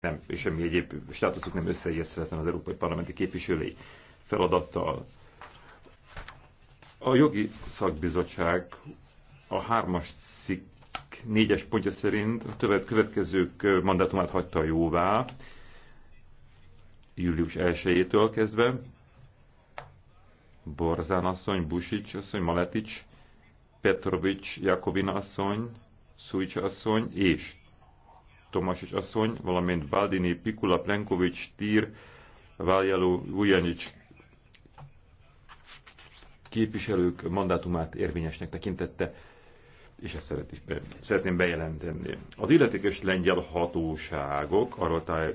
nem, és semmi egyéb státuszuk nem összeegyeztetlen az Európai Parlamenti képviselői feladattal. A jogi szakbizottság a hármas cikk négyes pontja szerint a tövet következők mandátumát hagyta jóvá július 1-től kezdve. Borzán asszony, Busics asszony, Maletics, Petrovics, Jakovina asszony, Szújcs asszony és Tomas és asszony, valamint Baldini, Pikula, Plenkovics, Tír, Váljáló, Ujjanics képviselők mandátumát érvényesnek tekintette, és ezt szeretném bejelenteni. Az illetékes lengyel hatóságok arról